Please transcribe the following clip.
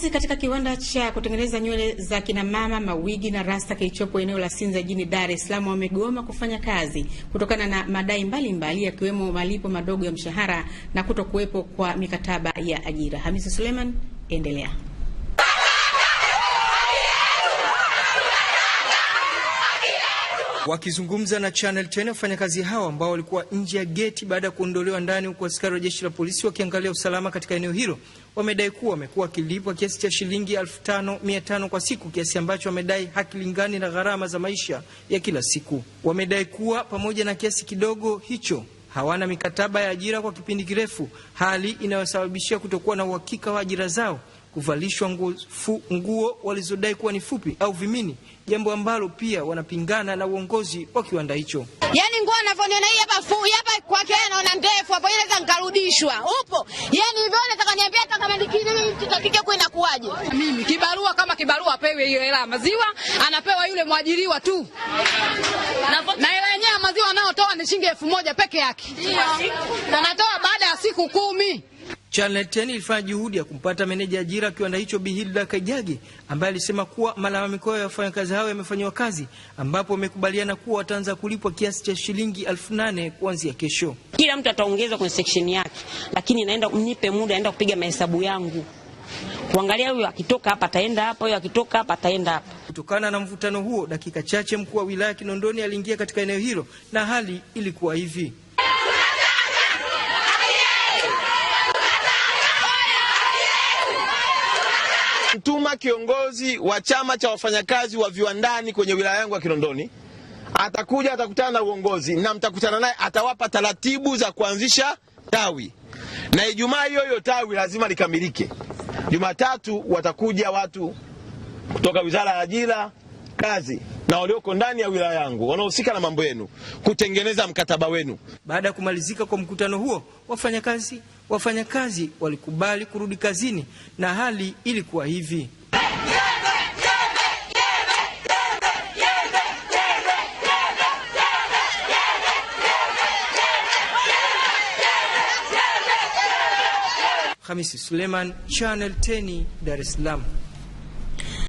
Kazi katika kiwanda cha kutengeneza nywele za kinamama mawigi na rasta kilichopo eneo la Sinza jijini Dar es Salaam wamegoma kufanya kazi kutokana na madai mbalimbali yakiwemo malipo madogo ya mshahara na kuto kuwepo kwa mikataba ya ajira. Hamisa Suleiman, endelea. Wakizungumza na Channel 10 wafanyakazi hao ambao walikuwa nje ya geti baada ya kuondolewa ndani, huku askari wa jeshi la polisi wakiangalia usalama katika eneo hilo, wamedai kuwa wamekuwa wakilipwa kiasi cha shilingi 5500 kwa siku, kiasi ambacho wamedai hakilingani na gharama za maisha ya kila siku. Wamedai kuwa pamoja na kiasi kidogo hicho hawana mikataba ya ajira kwa kipindi kirefu, hali inayosababishia kutokuwa na uhakika wa ajira zao kuvalishwa nguo, walizodai kuwa ni fupi au vimini, jambo ambalo pia wanapingana na uongozi wa kiwanda hicho. Yani nguo anavyoniona hii hapa fu hapa kwake anaona ndefu hapo, inaweza nikarudishwa upo. Yani hivyo nataka niambia, hata kama nikini mimi tutakike kwa inakuaje? Mimi kibarua kama kibarua apewe hiyo hela maziwa, anapewa yule mwajiriwa tu, na hela yenyewe maziwa anayotoa ni shilingi elfu moja peke yake, anatoa baada ya siku kumi. Chalaten ilifanya juhudi ya kumpata meneja ajira kiwanda hicho Bihilda Kaijage ambaye alisema kuwa malalamiko ya wafanyakazi hao yamefanyiwa kazi, ambapo wamekubaliana kuwa wataanza kulipwa kiasi cha shilingi elfu nane kuanzia kesho. Kila mtu ataongezwa kwenye section yake, lakini naenda mnipe muda, naenda kupiga mahesabu yangu kuangalia huyo akitoka hapa ataenda hapa, huyo akitoka hapa ataenda hapa. Kutokana na mvutano huo, dakika chache mkuu wa wilaya Kinondoni aliingia katika eneo hilo na hali ilikuwa hivi. mtuma kiongozi wa chama cha wafanyakazi wa viwandani kwenye wilaya yangu ya Kinondoni, atakuja atakutana na uongozi na mtakutana naye, atawapa taratibu za kuanzisha tawi, na Ijumaa hiyo hiyo tawi lazima likamilike. Jumatatu watakuja watu kutoka wizara ya ajira kazi na walioko ndani ya wilaya yangu wanaohusika na mambo yenu kutengeneza mkataba wenu. Baada ya kumalizika kwa mkutano huo, wafanyakazi wafanyakazi walikubali kurudi kazini na hali ilikuwa hivi. Hamisi Suleiman, Channel 10, Dar es Salaam.